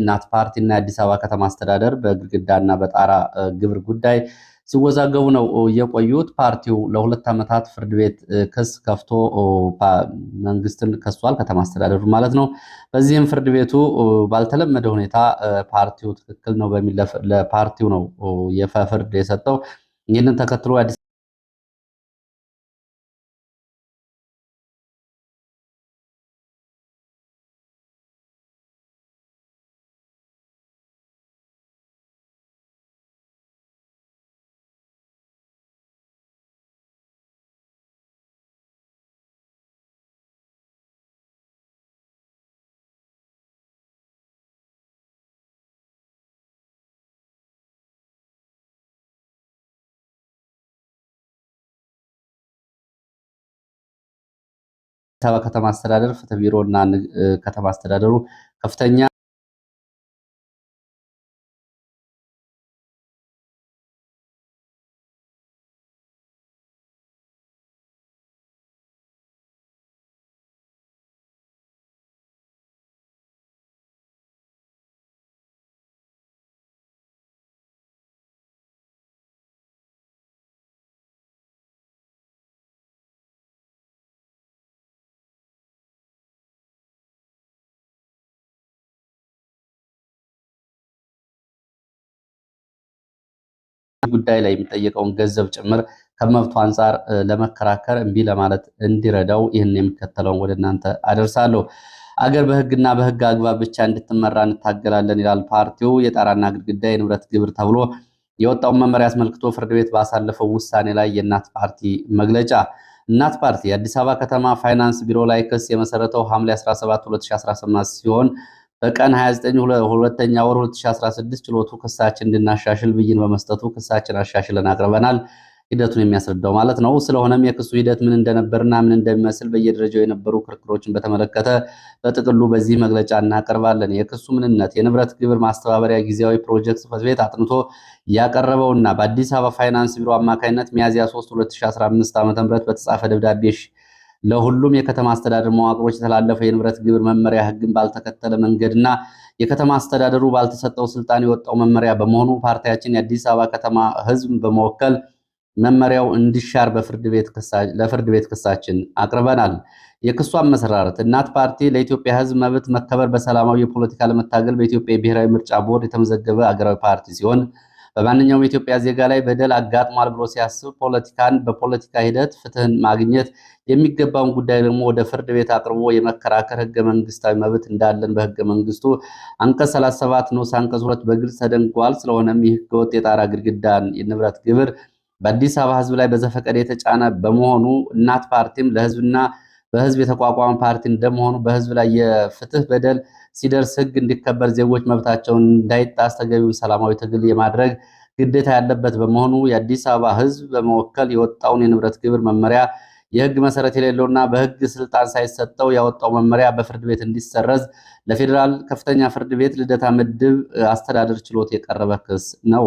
እናት ፓርቲና የአዲስ አበባ ከተማ አስተዳደር በግድግዳና በጣራ ግብር ጉዳይ ሲወዛገቡ ነው የቆዩት። ፓርቲው ለሁለት ዓመታት ፍርድ ቤት ክስ ከፍቶ መንግስትን ከሷል፣ ከተማ አስተዳደሩ ማለት ነው። በዚህም ፍርድ ቤቱ ባልተለመደ ሁኔታ ፓርቲው ትክክል ነው በሚል ለፓርቲው ነው የፍርድ የሰጠው። ይህንን ተከትሎ የአዲስ አበባ ከተማ አስተዳደር ፍትህ ቢሮ እና ከተማ አስተዳደሩ ከፍተኛ ጉዳይ ላይ የሚጠየቀውን ገንዘብ ጭምር ከመብቱ አንጻር ለመከራከር እምቢ ለማለት እንዲረዳው ይህን የሚከተለውን ወደ እናንተ አደርሳለሁ። አገር በህግና በህግ አግባብ ብቻ እንድትመራ እንታገላለን ይላል ፓርቲው። የጣራና ግድግዳ የንብረት ግብር ተብሎ የወጣውን መመሪያ አስመልክቶ ፍርድ ቤት ባሳለፈው ውሳኔ ላይ የእናት ፓርቲ መግለጫ። እናት ፓርቲ የአዲስ አበባ ከተማ ፋይናንስ ቢሮ ላይ ክስ የመሰረተው ሐምሌ 17 2018 ሲሆን በቀን 29 ሁለተኛ ወር 2016 ችሎቱ ክሳችን እንድናሻሽል ብይን በመስጠቱ ክሳችን አሻሽለን አቅርበናል። ሂደቱን የሚያስረዳው ማለት ነው። ስለሆነም የክሱ ሂደት ምን እንደነበርና ምን እንደሚመስል በየደረጃው የነበሩ ክርክሮችን በተመለከተ በጥቅሉ በዚህ መግለጫ እናቀርባለን። የክሱ ምንነት የንብረት ግብር ማስተባበሪያ ጊዜያዊ ፕሮጀክት ጽሕፈት ቤት አጥንቶ ያቀረበውና በአዲስ አበባ ፋይናንስ ቢሮ አማካኝነት ሚያዝያ 3 2015 ዓ ም በተጻፈ ደብዳቤ ለሁሉም የከተማ አስተዳደር መዋቅሮች የተላለፈ የንብረት ግብር መመሪያ ህግን ባልተከተለ መንገድና የከተማ አስተዳደሩ ባልተሰጠው ስልጣን የወጣው መመሪያ በመሆኑ ፓርቲያችን የአዲስ አበባ ከተማ ህዝብ በመወከል መመሪያው እንዲሻር ለፍርድ ቤት ክሳችን አቅርበናል። የክሱ አመሰራረት እናት ፓርቲ ለኢትዮጵያ ህዝብ መብት መከበር በሰላማዊ የፖለቲካ ለመታገል በኢትዮጵያ የብሔራዊ ምርጫ ቦርድ የተመዘገበ አገራዊ ፓርቲ ሲሆን በማንኛውም የኢትዮጵያ ዜጋ ላይ በደል አጋጥሟል ብሎ ሲያስብ ፖለቲካን በፖለቲካ ሂደት ፍትህን ማግኘት የሚገባውን ጉዳይ ደግሞ ወደ ፍርድ ቤት አቅርቦ የመከራከር ህገ መንግስታዊ መብት እንዳለን በህገ መንግስቱ አንቀጽ 37 ንዑስ አንቀጽ ሁለት በግልጽ ተደንግጓል። ስለሆነም ይህ ህገወጥ የጣራ ግድግዳን የንብረት ግብር በአዲስ አበባ ህዝብ ላይ በዘፈቀደ የተጫነ በመሆኑ እናት ፓርቲም ለህዝብና በህዝብ የተቋቋመ ፓርቲ እንደመሆኑ በህዝብ ላይ የፍትህ በደል ሲደርስ ህግ እንዲከበር ዜጎች መብታቸውን እንዳይጣስ ተገቢውን ሰላማዊ ትግል የማድረግ ግዴታ ያለበት በመሆኑ የአዲስ አበባ ህዝብ በመወከል የወጣውን የንብረት ግብር መመሪያ የህግ መሰረት የሌለውና በህግ ስልጣን ሳይሰጠው ያወጣው መመሪያ በፍርድ ቤት እንዲሰረዝ ለፌዴራል ከፍተኛ ፍርድ ቤት ልደታ ምድብ አስተዳደር ችሎት የቀረበ ክስ ነው።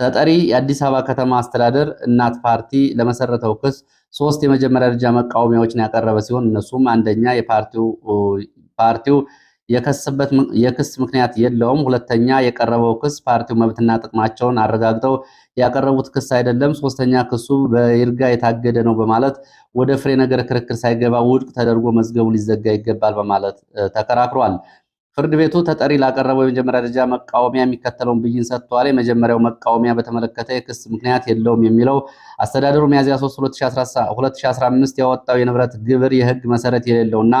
ተጠሪ የአዲስ አበባ ከተማ አስተዳደር እናት ፓርቲ ለመሰረተው ክስ ሶስት የመጀመሪያ ደረጃ መቃወሚያዎችን ያቀረበ ሲሆን እነሱም አንደኛ ፓርቲው የከሰበት የክስ ምክንያት የለውም። ሁለተኛ የቀረበው ክስ ፓርቲው መብትና ጥቅማቸውን አረጋግጠው ያቀረቡት ክስ አይደለም። ሶስተኛ ክሱ በይርጋ የታገደ ነው በማለት ወደ ፍሬ ነገር ክርክር ሳይገባ ውድቅ ተደርጎ መዝገቡ ሊዘጋ ይገባል በማለት ተከራክሯል። ፍርድ ቤቱ ተጠሪ ላቀረበው የመጀመሪያ ደረጃ መቃወሚያ የሚከተለውን ብይን ሰጥቷል። የመጀመሪያው መቃወሚያ በተመለከተ የክስ ምክንያት የለውም የሚለው አስተዳደሩ ሚያዝያ 3 2015 ያወጣው የንብረት ግብር የህግ መሰረት የሌለው እና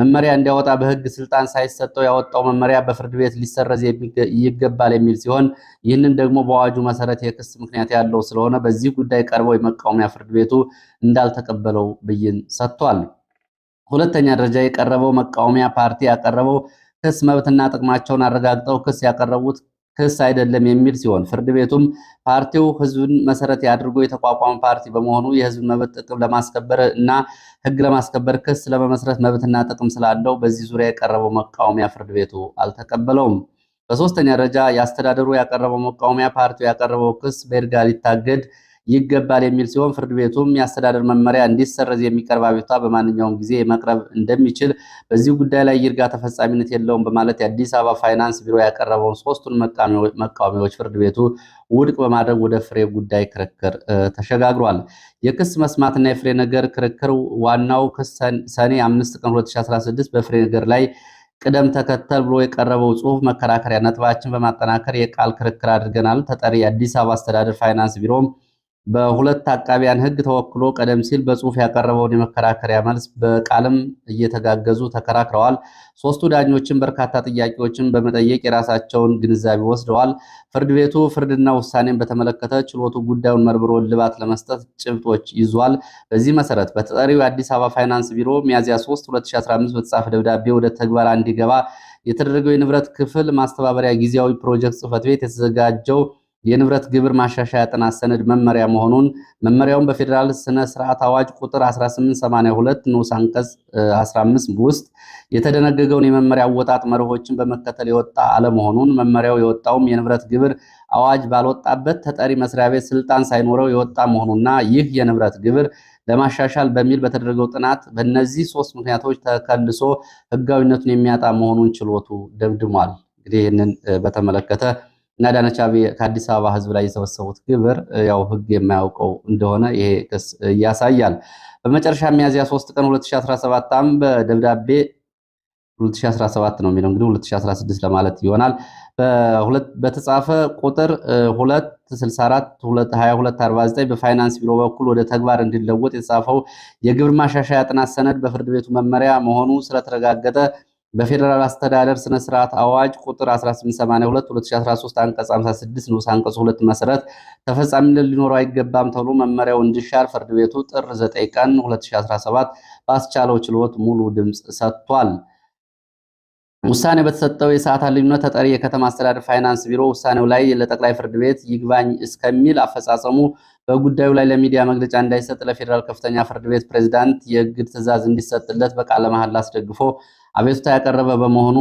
መመሪያ እንዲያወጣ በህግ ስልጣን ሳይሰጠው ያወጣው መመሪያ በፍርድ ቤት ሊሰረዝ ይገባል የሚል ሲሆን ይህንን ደግሞ በአዋጁ መሰረት የክስ ምክንያት ያለው ስለሆነ በዚህ ጉዳይ ቀርበው የመቃወሚያ ፍርድ ቤቱ እንዳልተቀበለው ብይን ሰጥቷል። ሁለተኛ ደረጃ የቀረበው መቃወሚያ ፓርቲ ያቀረበው ክስ መብትና ጥቅማቸውን አረጋግጠው ክስ ያቀረቡት ክስ አይደለም የሚል ሲሆን ፍርድ ቤቱም ፓርቲው ህዝብን መሰረት አድርጎ የተቋቋመ ፓርቲ በመሆኑ የህዝብ መብት ጥቅም ለማስከበር እና ህግ ለማስከበር ክስ ለመመስረት መብትና ጥቅም ስላለው በዚህ ዙሪያ የቀረበው መቃወሚያ ፍርድ ቤቱ አልተቀበለውም። በሶስተኛ ደረጃ የአስተዳደሩ ያቀረበው መቃወሚያ ፓርቲው ያቀረበው ክስ በይርጋ ሊታገድ ይገባል የሚል ሲሆን ፍርድ ቤቱም የአስተዳደር መመሪያ እንዲሰረዝ የሚቀርብ አቤቱታ በማንኛውም ጊዜ መቅረብ እንደሚችል፣ በዚህ ጉዳይ ላይ ይርጋ ተፈጻሚነት የለውም በማለት የአዲስ አበባ ፋይናንስ ቢሮ ያቀረበውን ሶስቱን መቃወሚያዎች ፍርድ ቤቱ ውድቅ በማድረግ ወደ ፍሬ ጉዳይ ክርክር ተሸጋግሯል። የክስ መስማትና የፍሬ ነገር ክርክር ዋናው ክስ ሰኔ 5 ቀን 2016 በፍሬ ነገር ላይ ቅደም ተከተል ብሎ የቀረበው ጽሁፍ መከራከሪያ ነጥባችን በማጠናከር የቃል ክርክር አድርገናል። ተጠሪ የአዲስ አበባ አስተዳደር ፋይናንስ ቢሮም በሁለት አቃቢያን ሕግ ተወክሎ ቀደም ሲል በጽሁፍ ያቀረበውን የመከራከሪያ መልስ በቃልም እየተጋገዙ ተከራክረዋል። ሶስቱ ዳኞችን በርካታ ጥያቄዎችን በመጠየቅ የራሳቸውን ግንዛቤ ወስደዋል። ፍርድ ቤቱ ፍርድና ውሳኔን በተመለከተ ችሎቱ ጉዳዩን መርምሮ እልባት ለመስጠት ጭብጦች ይዟል። በዚህ መሰረት በተጠሪው የአዲስ አበባ ፋይናንስ ቢሮ ሚያዝያ 3 2015 በተጻፈ ደብዳቤ ወደ ተግባር እንዲገባ የተደረገው የንብረት ክፍል ማስተባበሪያ ጊዜያዊ ፕሮጀክት ጽህፈት ቤት የተዘጋጀው የንብረት ግብር ማሻሻያ ጥናት ሰነድ መመሪያ መሆኑን መመሪያውን በፌዴራል ስነ ስርዓት አዋጅ ቁጥር 1882 ንዑስ አንቀጽ 15 ውስጥ የተደነገገውን የመመሪያ አወጣጥ መርሆችን በመከተል የወጣ አለመሆኑን መመሪያው የወጣውም የንብረት ግብር አዋጅ ባልወጣበት ተጠሪ መስሪያ ቤት ስልጣን ሳይኖረው የወጣ መሆኑና ይህ የንብረት ግብር ለማሻሻል በሚል በተደረገው ጥናት በእነዚህ ሶስት ምክንያቶች ተከልሶ ህጋዊነቱን የሚያጣ መሆኑን ችሎቱ ደምድሟል። እንግዲህ ይህንን በተመለከተ እና አዳነች አቤቤ ከአዲስ አበባ ህዝብ ላይ የሰበሰቡት ግብር ያው ህግ የማያውቀው እንደሆነ ይሄ ክስ ያሳያል። በመጨረሻ ሚያዝያ 3 ቀን 2017 ዓም በደብዳቤ 2017 ነው የሚለው እንግዲህ 2016 ለማለት ይሆናል። በተጻፈ ቁጥር 2642249 በፋይናንስ ቢሮ በኩል ወደ ተግባር እንዲለወጥ የተጻፈው የግብር ማሻሻያ ጥናት ሰነድ በፍርድ ቤቱ መመሪያ መሆኑ ስለተረጋገጠ በፌዴራል አስተዳደር ስነ ስርዓት አዋጅ ቁጥር 1882 2013 አንቀጽ 56 ንዑስ አንቀጽ 2 መሰረት ተፈጻሚነት ሊኖረው አይገባም ተብሎ መመሪያው እንዲሻር ፍርድ ቤቱ ጥር 9 ቀን 2017 ባስቻለው ችሎት ሙሉ ድምፅ ሰጥቷል። ውሳኔ በተሰጠው የሰዓት ልዩነት ተጠሪ የከተማ አስተዳደር ፋይናንስ ቢሮ ውሳኔው ላይ ለጠቅላይ ፍርድ ቤት ይግባኝ እስከሚል አፈጻጸሙ በጉዳዩ ላይ ለሚዲያ መግለጫ እንዳይሰጥ ለፌዴራል ከፍተኛ ፍርድ ቤት ፕሬዝዳንት የእግድ ትዕዛዝ እንዲሰጥለት በቃለ መሐላ አስደግፎ አቤቱታ ያቀረበ በመሆኑ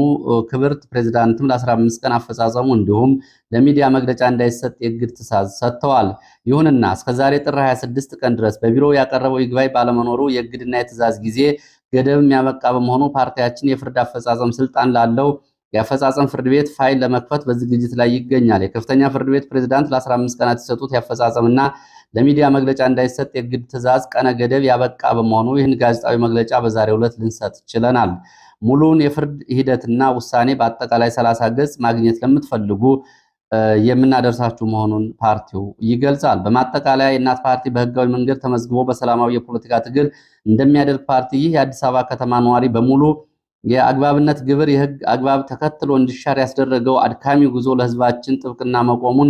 ክብርት ፕሬዝዳንትም ለ15 ቀን አፈጻጸሙ እንዲሁም ለሚዲያ መግለጫ እንዳይሰጥ የእግድ ትዕዛዝ ሰጥተዋል። ይሁንና እስከዛሬ ጥር 26 ቀን ድረስ በቢሮው ያቀረበው ይግባኝ ባለመኖሩ የእግድና የትዕዛዝ ጊዜ ገደብ የሚያበቃ በመሆኑ ፓርቲያችን የፍርድ አፈጻጸም ስልጣን ላለው የአፈጻጸም ፍርድ ቤት ፋይል ለመክፈት በዝግጅት ላይ ይገኛል። የከፍተኛ ፍርድ ቤት ፕሬዝዳንት ለ15 ቀናት የሰጡት የአፈጻጸምና ለሚዲያ መግለጫ እንዳይሰጥ የግድ ትዕዛዝ ቀነ ገደብ ያበቃ በመሆኑ ይህን ጋዜጣዊ መግለጫ በዛሬው ዕለት ልንሰጥ ችለናል። ሙሉውን የፍርድ ሂደትና ውሳኔ በአጠቃላይ 30 ገጽ ማግኘት ለምትፈልጉ የምናደርሳችሁ መሆኑን ፓርቲው ይገልጻል። በማጠቃለያ የእናት ፓርቲ በህጋዊ መንገድ ተመዝግቦ በሰላማዊ የፖለቲካ ትግል እንደሚያደርግ ፓርቲ ይህ የአዲስ አበባ ከተማ ነዋሪ በሙሉ የአግባብነት ግብር የህግ አግባብ ተከትሎ እንዲሻር ያስደረገው አድካሚ ጉዞ ለህዝባችን ጥብቅና መቆሙን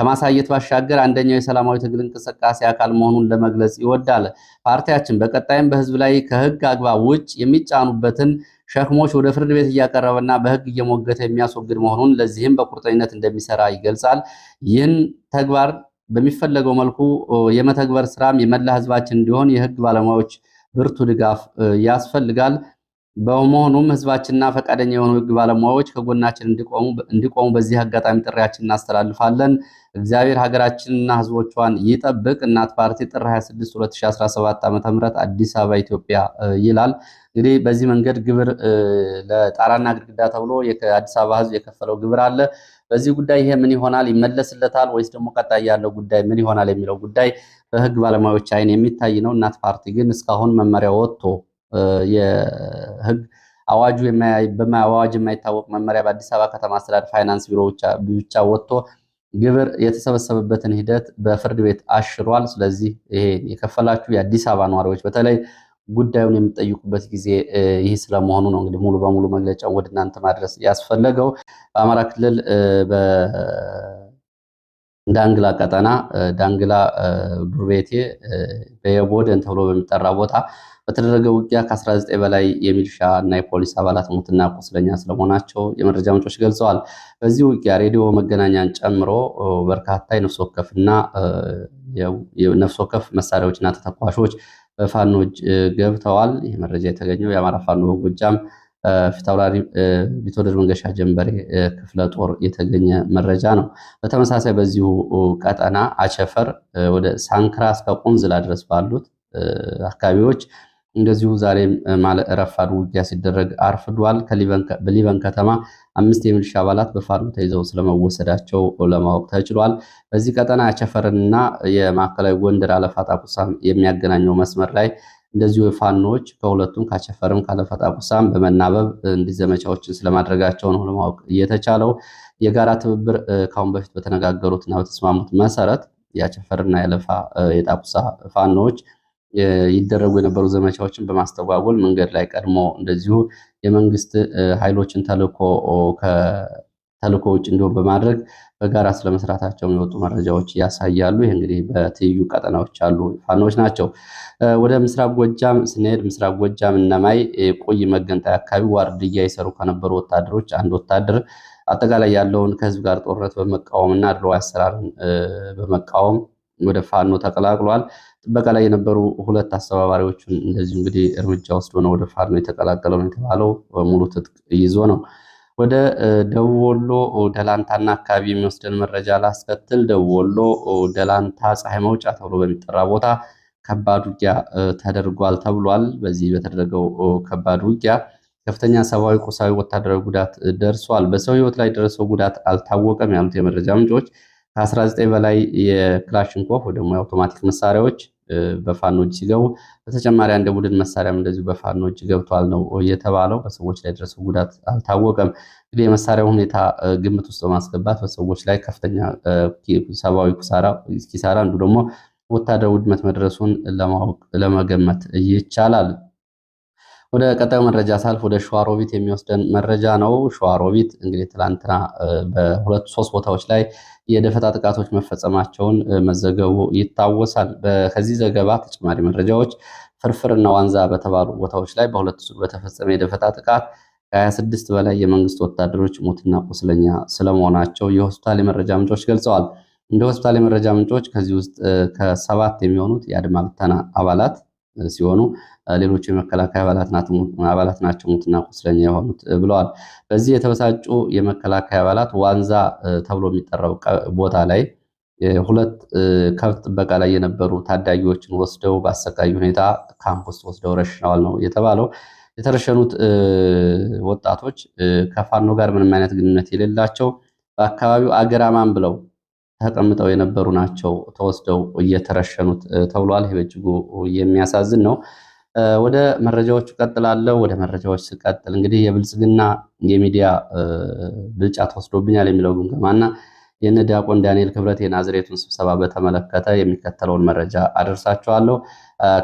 ከማሳየት ባሻገር አንደኛው የሰላማዊ ትግል እንቅስቃሴ አካል መሆኑን ለመግለጽ ይወዳል። ፓርቲያችን በቀጣይም በህዝብ ላይ ከህግ አግባብ ውጭ የሚጫኑበትን ሸክሞች ወደ ፍርድ ቤት እያቀረበና በህግ እየሞገተ የሚያስወግድ መሆኑን ለዚህም በቁርጠኝነት እንደሚሰራ ይገልጻል። ይህን ተግባር በሚፈለገው መልኩ የመተግበር ስራም የመላ ህዝባችን እንዲሆን የህግ ባለሙያዎች ብርቱ ድጋፍ ያስፈልጋል። በመሆኑም ህዝባችንና ፈቃደኛ የሆኑ ህግ ባለሙያዎች ከጎናችን እንዲቆሙ በዚህ አጋጣሚ ጥሪያችን እናስተላልፋለን። እግዚአብሔር ሀገራችንና ህዝቦቿን ይጠብቅ። እናት ፓርቲ ጥር 26 2017 ዓ.ም አዲስ አበባ ኢትዮጵያ ይላል። እንግዲህ በዚህ መንገድ ግብር ለጣራና ግድግዳ ተብሎ አዲስ አበባ ህዝብ የከፈለው ግብር አለ። በዚህ ጉዳይ ይሄ ምን ይሆናል? ይመለስለታል ወይስ ደግሞ ቀጣይ ያለው ጉዳይ ምን ይሆናል የሚለው ጉዳይ በህግ ባለሙያዎች አይን የሚታይ ነው። እናት ፓርቲ ግን እስካሁን መመሪያ ወጥቶ የህግ አዋጁ በማዋጅ የማይታወቅ መመሪያ በአዲስ አበባ ከተማ አስተዳደር ፋይናንስ ቢሮ ብቻ ወጥቶ ግብር የተሰበሰበበትን ሂደት በፍርድ ቤት አሽሯል። ስለዚህ ይሄ የከፈላችሁ የአዲስ አበባ ነዋሪዎች በተለይ ጉዳዩን የምጠይቁበት ጊዜ ይህ ስለመሆኑ ነው። እንግዲህ ሙሉ በሙሉ መግለጫውን ወደ እናንተ ማድረስ ያስፈለገው በአማራ ክልል በዳንግላ ቀጠና ዳንግላ ዱርቤቴ በየቦደን ተብሎ በሚጠራ ቦታ በተደረገ ውጊያ ከ19 በላይ የሚልሻ እና የፖሊስ አባላት ሞትና ቁስለኛ ስለመሆናቸው የመረጃ ምንጮች ገልጸዋል። በዚህ ውጊያ ሬዲዮ መገናኛን ጨምሮ በርካታ የነፍስ ወከፍና የነፍስ ወከፍ መሳሪያዎችና ተተኳሾች በፋኖ እጅ ገብተዋል። ይህ መረጃ የተገኘው የአማራ ፋኖ በጎጃም ፊታውራሪ ቢትወደድ መንገሻ ጀንበሬ ክፍለ ጦር የተገኘ መረጃ ነው። በተመሳሳይ በዚሁ ቀጠና አቸፈር ወደ ሳንክራ እስከ ቁንዝላ ድረስ ባሉት አካባቢዎች እንደዚሁ ዛሬም ረፋድ ውጊያ ሲደረግ አርፍዷል። በሊበን ከተማ አምስት የሚሊሻ አባላት በፋኖ ተይዘው ስለመወሰዳቸው ለማወቅ ተችሏል። በዚህ ቀጠና አቸፈርንና የማዕከላዊ ጎንደር አለፋ ጣቁሳም የሚያገናኘው መስመር ላይ እንደዚሁ ፋኖዎች ከሁለቱም ካቸፈርም ካለፋ ጣቁሳም በመናበብ እንዲህ ዘመቻዎችን ስለማድረጋቸው ነው ለማወቅ እየተቻለው። የጋራ ትብብር ከአሁን በፊት በተነጋገሩትና በተስማሙት መሰረት የአቸፈርና የለፋ የጣቁሳ ፋኖዎች ይደረጉ የነበሩ ዘመቻዎችን በማስተጓጎል መንገድ ላይ ቀድሞ እንደዚሁ የመንግስት ኃይሎችን ተልኮ ከተልእኮ ውጭ እንዲሆን በማድረግ በጋራ ስለመስራታቸው የወጡ መረጃዎች ያሳያሉ። ይህ እንግዲህ በትይዩ ቀጠናዎች ያሉ ፋኖች ናቸው። ወደ ምስራቅ ጎጃም ስንሄድ ምስራቅ ጎጃም እነማይ ቆይ መገንጠያ አካባቢ ዋርድያ ይሰሩ ከነበሩ ወታደሮች አንድ ወታደር አጠቃላይ ያለውን ከህዝብ ጋር ጦርነት በመቃወምና ድሮ አሰራርን በመቃወም ወደ ፋኖ ተቀላቅሏል። ጥበቃ ላይ የነበሩ ሁለት አስተባባሪዎችን እንደዚሁ እንግዲህ እርምጃ ወስዶ ነው ወደ ፋኖ የተቀላቀለው የተባለው ሙሉ ትጥቅ ይዞ ነው። ወደ ደቡብ ወሎ ደላንታና አካባቢ የሚወስደን መረጃ ላስከትል። ደቡብ ወሎ ደላንታ ፀሐይ መውጫ ተብሎ በሚጠራ ቦታ ከባድ ውጊያ ተደርጓል ተብሏል። በዚህ በተደረገው ከባድ ውጊያ ከፍተኛ ሰብአዊ፣ ቁሳዊ፣ ወታደራዊ ጉዳት ደርሷል። በሰው ህይወት ላይ ደረሰው ጉዳት አልታወቀም ያሉት የመረጃ ምንጮች ከ19 በላይ የክላሽንኮቭ ወደ የአውቶማቲክ መሳሪያዎች በፋኖች ሲገቡ በተጨማሪ አንድ ቡድን መሳሪያም እንደዚሁ እጅ ገብቷል ነው የተባለው። በሰዎች ላይ ደረሰው ጉዳት አልታወቀም። እንግዲህ የመሳሪያው ሁኔታ ግምት ውስጥ በማስገባት በሰዎች ላይ ከፍተኛ ሰብአዊ ኪሳራ እንዱ ደግሞ ወታደር ውድመት መድረሱን ለማወቅ ለመገመት ይቻላል። ወደ ቀጣዩ መረጃ ሳልፍ ወደ ሸዋሮቢት የሚወስደን መረጃ ነው። ሸዋሮቢት እንግዲህ ትላንትና በሁለት ሶስት ቦታዎች ላይ የደፈጣ ጥቃቶች መፈጸማቸውን መዘገቡ ይታወሳል። ከዚህ ዘገባ ተጨማሪ መረጃዎች ፍርፍርና ዋንዛ በተባሉ ቦታዎች ላይ በሁለት ሱቅ በተፈጸመ የደፈጣ ጥቃት ከ26 በላይ የመንግስት ወታደሮች ሞትና ቁስለኛ ስለመሆናቸው የሆስፒታል የመረጃ ምንጮች ገልጸዋል። እንደ ሆስፒታል የመረጃ ምንጮች ከዚህ ውስጥ ከሰባት የሚሆኑት የአድማ ብተና አባላት ሲሆኑ ሌሎቹ የመከላከያ አባላት ናቸው ሙትና ቁስለኛ የሆኑት ብለዋል። በዚህ የተበሳጩ የመከላከያ አባላት ዋንዛ ተብሎ የሚጠራው ቦታ ላይ ሁለት ከብት ጥበቃ ላይ የነበሩ ታዳጊዎችን ወስደው በአሰቃቂ ሁኔታ ካምፕ ውስጥ ወስደው ረሽነዋል ነው የተባለው። የተረሸኑት ወጣቶች ከፋኖ ጋር ምንም አይነት ግንኙነት የሌላቸው በአካባቢው አገራማን ብለው ተቀምጠው የነበሩ ናቸው ተወስደው እየተረሸኑት ተብሏል። ይህ በእጅጉ የሚያሳዝን ነው። ወደ መረጃዎቹ ቀጥላለሁ። ወደ መረጃዎች ስቀጥል እንግዲህ የብልጽግና የሚዲያ ብልጫ ተወስዶብኛል የሚለው ግምገማና የነ ዲያቆን ዳንኤል ክብረት የናዝሬቱን ስብሰባ በተመለከተ የሚከተለውን መረጃ አደርሳችኋለሁ።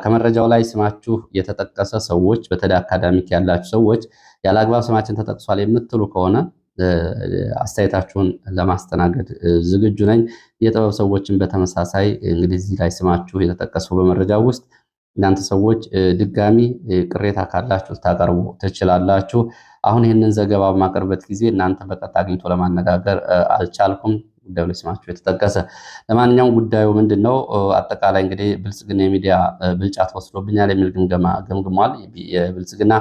ከመረጃው ላይ ስማችሁ የተጠቀሰ ሰዎች በተዳ አካዳሚክ ያላችሁ ሰዎች ያለ አግባብ ስማችን ተጠቅሷል የምትሉ ከሆነ አስተያየታችሁን ለማስተናገድ ዝግጁ ነኝ። የጥበብ ሰዎችን በተመሳሳይ እንግዲህ እዚህ ላይ ስማችሁ የተጠቀሱ በመረጃ ውስጥ እናንተ ሰዎች ድጋሚ ቅሬታ ካላችሁ ልታቀርቡ ትችላላችሁ። አሁን ይህንን ዘገባ በማቀርበት ጊዜ እናንተ በቀጥታ አግኝቶ ለማነጋገር አልቻልኩም። ጉዳዩ ላይ ስማችሁ የተጠቀሰ ለማንኛውም ጉዳዩ ምንድን ነው? አጠቃላይ እንግዲህ ብልጽግና የሚዲያ ብልጫ ተወስዶብኛል የሚል ግምገማ ገምግሟል። የብልጽግና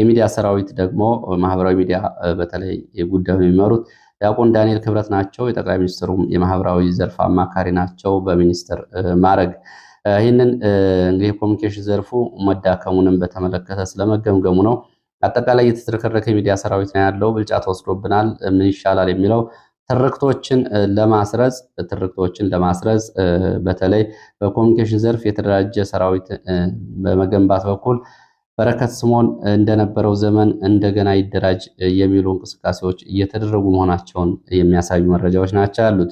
የሚዲያ ሰራዊት ደግሞ ማህበራዊ ሚዲያ በተለይ ጉዳዩ የሚመሩት ዲያቆን ዳንኤል ክብረት ናቸው። የጠቅላይ ሚኒስትሩም የማህበራዊ ዘርፍ አማካሪ ናቸው በሚኒስትር ማዕረግ። ይህንን እንግዲህ የኮሚኒኬሽን ዘርፉ መዳከሙንም በተመለከተ ስለመገምገሙ ነው። አጠቃላይ የተዝረከረከ የሚዲያ ሰራዊት ነው ያለው። ብልጫ ተወስዶብናል፣ ምን ይሻላል የሚለው ትርክቶችን ለማስረጽ ትርክቶችን ለማስረጽ በተለይ በኮሚኒኬሽን ዘርፍ የተደራጀ ሰራዊት በመገንባት በኩል በረከት ስምዖን እንደነበረው ዘመን እንደገና ይደራጅ የሚሉ እንቅስቃሴዎች እየተደረጉ መሆናቸውን የሚያሳዩ መረጃዎች ናቸው ያሉት።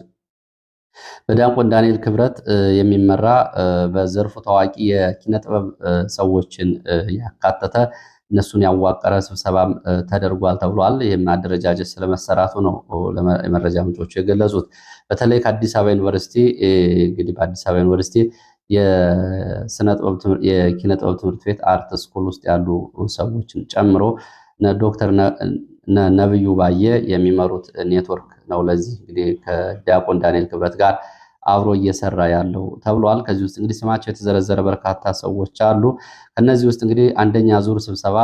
በዲያቆን ዳንኤል ክብረት የሚመራ በዘርፉ ታዋቂ የኪነ ጥበብ ሰዎችን ያካተተ እነሱን ያዋቀረ ስብሰባም ተደርጓል ተብሏል። ይህም አደረጃጀት ስለመሰራቱ ነው የመረጃ ምንጮቹ የገለጹት። በተለይ ከአዲስ አበባ ዩኒቨርሲቲ እንግዲህ በአዲስ አበባ ዩኒቨርሲቲ የኪነ ጥበብ ትምህርት ቤት አርት ስኩል ውስጥ ያሉ ሰዎችን ጨምሮ ዶክተር ነብዩ ባየ የሚመሩት ኔትወርክ ነው። ለዚህ እንግዲህ ከዲያቆን ዳንኤል ክብረት ጋር አብሮ እየሰራ ያለው ተብሏል። ከዚህ ውስጥ እንግዲህ ስማቸው የተዘረዘረ በርካታ ሰዎች አሉ። ከነዚህ ውስጥ እንግዲህ አንደኛ ዙር ስብሰባ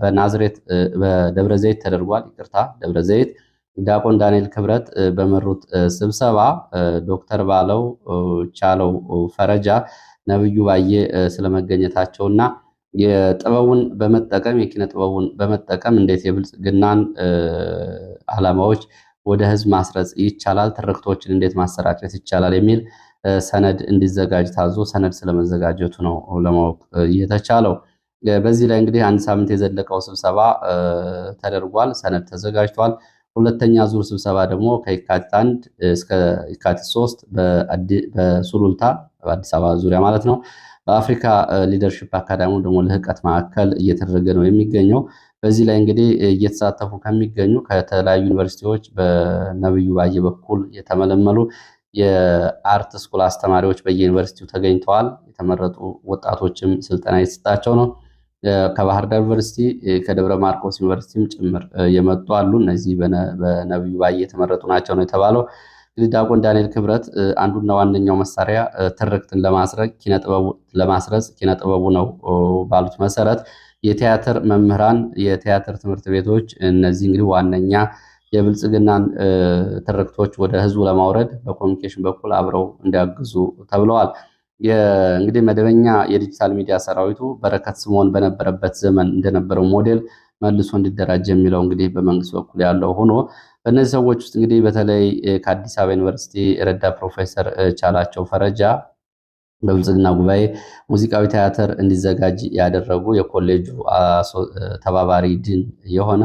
በናዝሬት በደብረ ዘይት ተደርጓል። ይቅርታ ደብረ ዘይት ዲያቆን ዳንኤል ክብረት በመሩት ስብሰባ ዶክተር ባለው ቻለው ፈረጃ ነብዩ ባዬ ስለመገኘታቸውና የጥበቡን በመጠቀም የኪነ ጥበቡን በመጠቀም እንዴት የብልጽግናን ዓላማዎች ወደ ህዝብ ማስረጽ ይቻላል፣ ትርክቶችን እንዴት ማሰራጨት ይቻላል የሚል ሰነድ እንዲዘጋጅ ታዞ ሰነድ ስለመዘጋጀቱ ነው ለማወቅ የተቻለው። በዚህ ላይ እንግዲህ አንድ ሳምንት የዘለቀው ስብሰባ ተደርጓል። ሰነድ ተዘጋጅቷል። ሁለተኛ ዙር ስብሰባ ደግሞ ከየካቲት አንድ እስከ የካቲት ሶስት በሱሉልታ በአዲስ አበባ ዙሪያ ማለት ነው በአፍሪካ ሊደርሽፕ አካዳሚ ደግሞ ልህቀት ማዕከል እየተደረገ ነው የሚገኘው። በዚህ ላይ እንግዲህ እየተሳተፉ ከሚገኙ ከተለያዩ ዩኒቨርሲቲዎች በነብዩ ባየ በኩል የተመለመሉ የአርት ስኩል አስተማሪዎች በየዩኒቨርሲቲው ተገኝተዋል። የተመረጡ ወጣቶችም ስልጠና የተሰጣቸው ነው። ከባህር ዳር ዩኒቨርሲቲ ከደብረ ማርቆስ ዩኒቨርሲቲም ጭምር የመጡ አሉ። እነዚህ በነቢዩ ባይ የተመረጡ ናቸው ነው የተባለው። እንግዲህ ዲያቆን ዳንኤል ክብረት አንዱና ዋነኛው መሳሪያ ትርክትን ለማስረጽ ኪነ ጥበቡ ነው ባሉት መሰረት የቲያትር መምህራን፣ የቲያትር ትምህርት ቤቶች እነዚህ እንግዲህ ዋነኛ የብልጽግናን ትርክቶች ወደ ህዝቡ ለማውረድ በኮሚኒኬሽን በኩል አብረው እንዲያግዙ ተብለዋል። እንግዲህ መደበኛ የዲጂታል ሚዲያ ሰራዊቱ በረከት ስምኦን በነበረበት ዘመን እንደነበረው ሞዴል መልሶ እንዲደራጅ የሚለው እንግዲህ በመንግስት በኩል ያለው ሆኖ በእነዚህ ሰዎች ውስጥ እንግዲህ በተለይ ከአዲስ አበባ ዩኒቨርሲቲ ረዳ ፕሮፌሰር ቻላቸው ፈረጃ በብልጽግና ጉባኤ ሙዚቃዊ ቲያትር እንዲዘጋጅ ያደረጉ የኮሌጁ ተባባሪ ድን የሆነ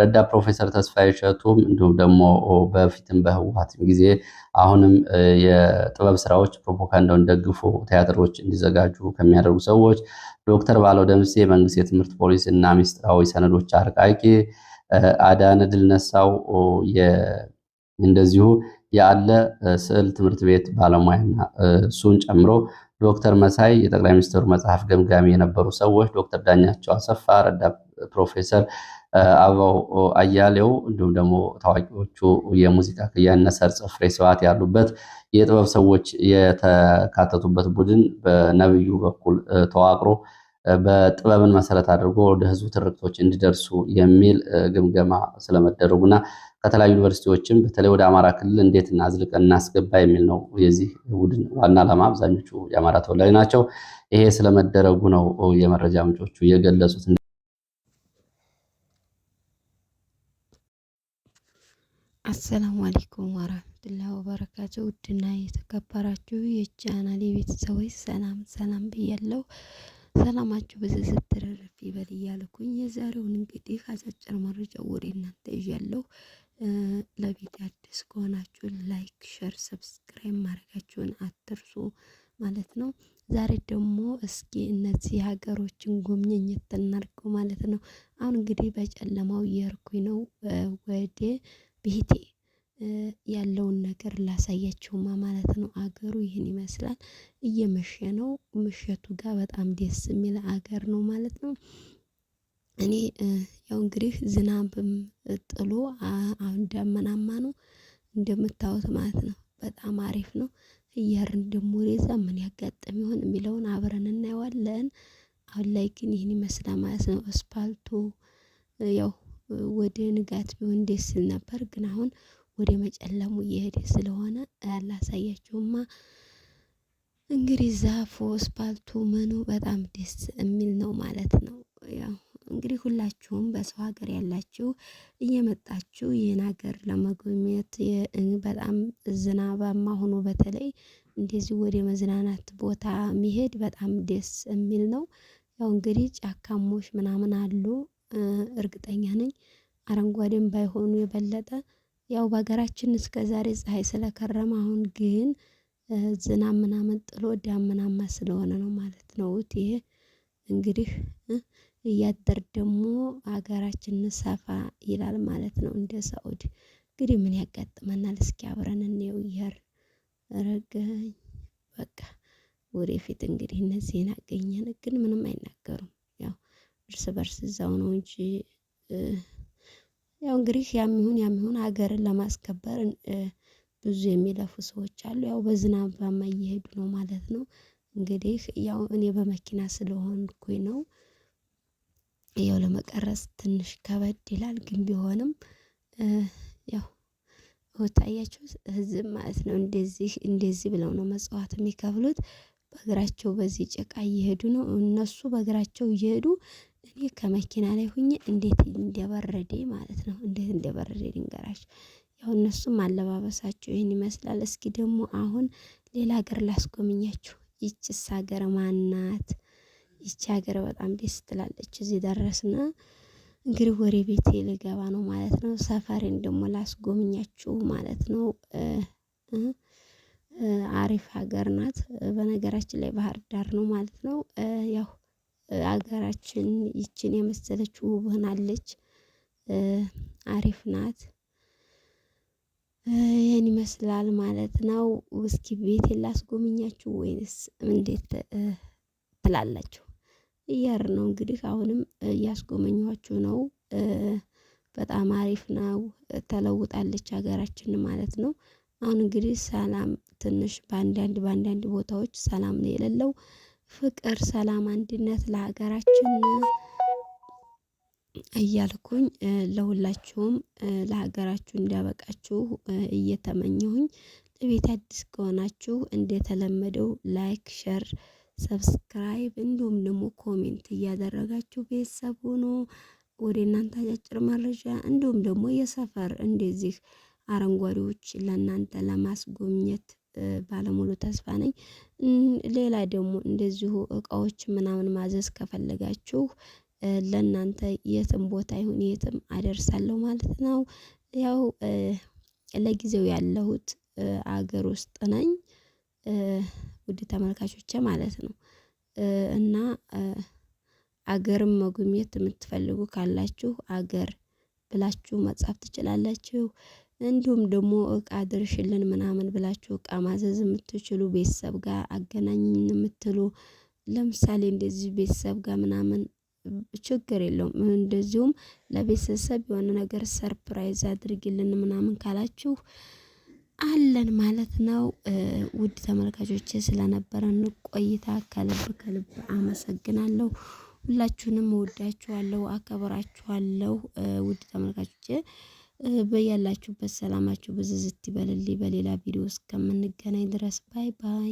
ረዳ ፕሮፌሰር ተስፋዬ ሸቱም እንዲሁም ደግሞ በፊትም በህወሓትም ጊዜ አሁንም የጥበብ ስራዎች ፕሮፓጋንዳውን ደግፉ ቲያትሮች እንዲዘጋጁ ከሚያደርጉ ሰዎች ዶክተር ባለው ደምሴ መንግስት የትምህርት ፖሊሲ እና ሚስጥራዊ ሰነዶች አርቃቂ አዳነ ድልነሳው እንደዚሁ ያለ ስዕል ትምህርት ቤት ባለሙያና እሱን ጨምሮ ዶክተር መሳይ የጠቅላይ ሚኒስትሩ መጽሐፍ ገምጋሚ የነበሩ ሰዎች፣ ዶክተር ዳኛቸው አሰፋ፣ ረዳ ፕሮፌሰር አበባው አያሌው እንዲሁም ደግሞ ታዋቂዎቹ የሙዚቃ ክያነ ሰርጽ ፍሬ ስብሐት ያሉበት የጥበብ ሰዎች የተካተቱበት ቡድን በነብዩ በኩል ተዋቅሮ በጥበብን መሰረት አድርጎ ወደ ህዝቡ ትርክቶች እንዲደርሱ የሚል ግምገማ ስለመደረጉና ከተለያዩ ዩኒቨርሲቲዎችም በተለይ ወደ አማራ ክልል እንዴት እናዝልቀን እናስገባ የሚል ነው የዚህ ቡድን ዋና ዓላማ። አብዛኞቹ የአማራ ተወላጅ ናቸው። ይሄ ስለመደረጉ ነው የመረጃ ምንጮቹ የገለጹት። አሰላሙ አለይኩም ወራህመቱላሂ ወበረካቱ። ውድና የተከበራችሁ የቻናል ቤተሰቦች ሰላም ሰላም ብያለሁ። ሰላማችሁ በዚህ ስትረርፍ ይበል እያልኩኝ የዛሬውን እንግዲህ አጫጭር መረጃ ወደ እናንተ ይዣለሁ። ለቤት አዲስ ከሆናችሁ ላይክ፣ ሸር፣ ሰብስክራይብ ማድረጋችሁን አትርሱ ማለት ነው። ዛሬ ደግሞ እስኪ እነዚህ ሀገሮችን ጎብኝት እናድርገው ማለት ነው። አሁን እንግዲህ በጨለማው የርኩ ነው ወደ ቤቴ ያለውን ነገር ላሳያችሁማ ማለት ነው። አገሩ ይህን ይመስላል። እየመሸ ነው። ምሸቱ ጋር በጣም ደስ የሚል አገር ነው ማለት ነው። እኔ ያው እንግዲህ ዝናብም ጥሎ አሁን ዳመናማ ነው እንደምታዩት ማለት ነው። በጣም አሪፍ ነው። እያርን ደግሞ ምን ያጋጥም ይሆን የሚለውን አብረን እናየዋለን። አሁን ላይ ግን ይህን ይመስላል ማለት ነው። አስፓልቱ ያው ወደ ንጋት ቢሆን ደስ ይል ነበር። ግን አሁን ወደ መጨለሙ እየሄደ ስለሆነ አላሳያችሁማ። እንግዲህ ዛፉ አስፓልቱ ምኑ በጣም ደስ የሚል ነው ማለት ነው። ያው እንግዲህ ሁላችሁም በሰው ሀገር ያላችሁ እየመጣችሁ ይህን ሀገር ለመጎብኘት በጣም ዝናባማ ሆኖ በተለይ እንደዚህ ወደ መዝናናት ቦታ መሄድ በጣም ደስ የሚል ነው። ያው እንግዲህ ጫካሞች ምናምን አሉ እርግጠኛ ነኝ አረንጓዴም ባይሆኑ የበለጠ ያው በሀገራችን እስከ ዛሬ ፀሐይ ስለከረመ አሁን ግን ዝናብ ምናምን ጥሎ ዳመናማ ስለሆነ ነው ማለት ነው። ይሄ እንግዲህ እያደር ደግሞ ሀገራችንን ሰፋ ይላል ማለት ነው። እንደ ሰዑድ እንግዲህ ምን ያጋጥመናል እስኪ አብረን እንየው ይሄር ረገኝ በቃ ወደፊት እንግዲህ እነዚህን አገኘን ግን ምንም አይናገሩም ያው እርስ በርስ እዛው ነው እንጂ ያው እንግዲህ ያም ይሁን ያም ይሁን ሀገርን ለማስከበር ብዙ የሚለፉ ሰዎች አሉ ያው በዝናባማ እየሄዱ ነው ማለት ነው። እንግዲህ ያው እኔ በመኪና ስለሆንኩኝ ነው ያው ለመቀረጽ ትንሽ ከበድ ይላል ግን ቢሆንም ያው ታያችሁ ህዝብ ማለት ነው እንደዚህ እንደዚህ ብለው ነው መጽዋት የሚከፍሉት። በእግራቸው በዚህ ጭቃ እየሄዱ ነው እነሱ በእግራቸው እየሄዱ እኔ ከመኪና ላይ ሆኜ እንዴት እንደበረደ ማለት ነው እንዴት እንደበረደ ልንገራችሁ። ያው እነሱም አለባበሳቸው ይህን ይመስላል። እስኪ ደግሞ አሁን ሌላ ሀገር ላስጎበኛችሁ ይችስ ሀገር ማናት? ይቺ ሀገር በጣም ደስ ትላለች። እዚህ ደረስና እንግዲህ ወደ ቤቴ ልገባ ነው ማለት ነው። ሰፈሬን ደግሞ ላስጎብኛችሁ ማለት ነው። አሪፍ ሀገር ናት። በነገራችን ላይ ባህር ዳር ነው ማለት ነው። ያው ሀገራችን ይችን የመሰለች ውብ ሆናለች። አሪፍ ናት። ይህን ይመስላል ማለት ነው። እስኪ ቤቴን ላስጎብኛችሁ ወይንስ እንዴት ትላላችሁ? እያር ነው እንግዲህ አሁንም እያስጎመኘኋችሁ ነው። በጣም አሪፍ ነው ተለውጣለች ሀገራችን ማለት ነው። አሁን እንግዲህ ሰላም ትንሽ በአንዳንድ በአንዳንድ ቦታዎች ሰላም ነው የሌለው። ፍቅር፣ ሰላም፣ አንድነት ለሀገራችን እያልኩኝ ለሁላችሁም ለሀገራችሁ እንዲያበቃችሁ እየተመኘሁኝ ለቤት አዲስ ከሆናችሁ እንደተለመደው ላይክ ሸር ሰብስክራይብ እንዲሁም ደግሞ ኮሜንት እያደረጋችሁ ቤተሰብ ሆኖ ወደ እናንተ አጫጭር መረጃ እንዲሁም ደግሞ የሰፈር እንደዚህ አረንጓዴዎች ለእናንተ ለማስጎብኘት ባለሙሉ ተስፋ ነኝ። ሌላ ደግሞ እንደዚሁ እቃዎች ምናምን ማዘዝ ከፈለጋችሁ ለእናንተ የትም ቦታ ይሁን የትም አደርሳለሁ ማለት ነው። ያው ለጊዜው ያለሁት አገር ውስጥ ነኝ። ውድ ተመልካቾች ማለት ነው። እና አገርም መጎብኘት የምትፈልጉ ካላችሁ አገር ብላችሁ መጻፍ ትችላላችሁ። እንዲሁም ደግሞ እቃ ድርሽልን ምናምን ብላችሁ እቃ ማዘዝ የምትችሉ ቤተሰብ ጋር አገናኝን የምትሉ ለምሳሌ እንደዚህ ቤተሰብ ጋር ምናምን ችግር የለውም። እንደዚሁም ለቤተሰብ የሆነ ነገር ሰርፕራይዝ አድርጊልን ምናምን ካላችሁ አለን ማለት ነው። ውድ ተመልካቾች ስለነበረን ቆይታ ከልብ ከልብ አመሰግናለሁ። ሁላችሁንም እወዳችኋለሁ፣ አከብራችኋለሁ። ውድ ተመልካቾች በያላችሁበት ሰላማችሁ ብዝዝት ይበልልኝ። በሌላ ቪዲዮ እስከምንገናኝ ድረስ ባይ ባይ።